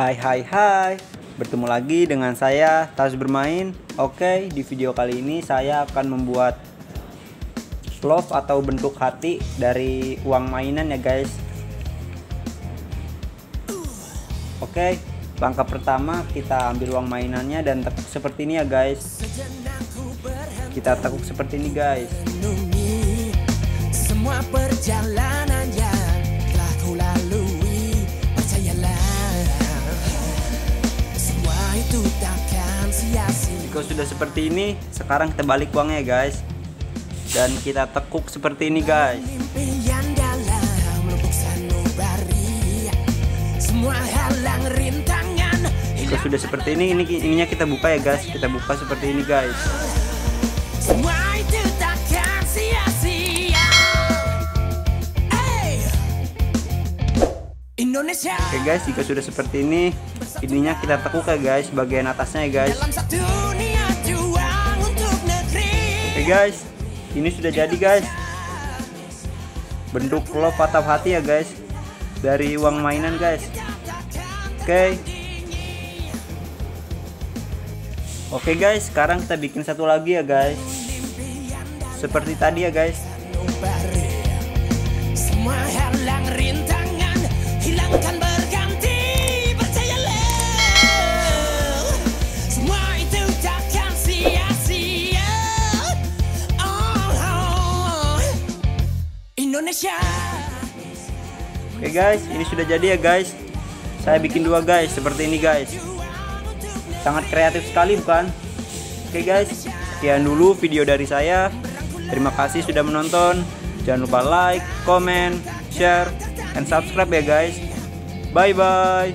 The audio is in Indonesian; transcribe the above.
Hai hai hai Bertemu lagi dengan saya Tas Bermain Oke di video kali ini saya akan membuat Love atau bentuk hati dari uang mainan ya guys Oke langkah pertama kita ambil uang mainannya dan tekuk seperti ini ya guys Kita tekuk seperti ini guys Semua perjalanan jika sudah seperti ini sekarang kita balik uangnya guys dan kita tekuk seperti ini guys jika sudah seperti ini ini ininya kita buka ya guys kita buka seperti ini guys Oke okay guys, jika sudah seperti ini, ininya kita tekuk ya guys, bagian atasnya ya guys. Oke okay guys, ini sudah jadi guys. Bentuk lo patah hati ya guys, dari uang mainan guys. Oke. Okay. Oke guys, sekarang kita bikin satu lagi ya guys. Seperti tadi ya guys. Indonesia. Oke okay guys, ini sudah jadi ya guys. Saya bikin dua guys, seperti ini guys. Sangat kreatif sekali bukan? Oke okay guys, sekian dulu video dari saya. Terima kasih sudah menonton. Jangan lupa like, comment, share, and subscribe ya guys. Bye bye.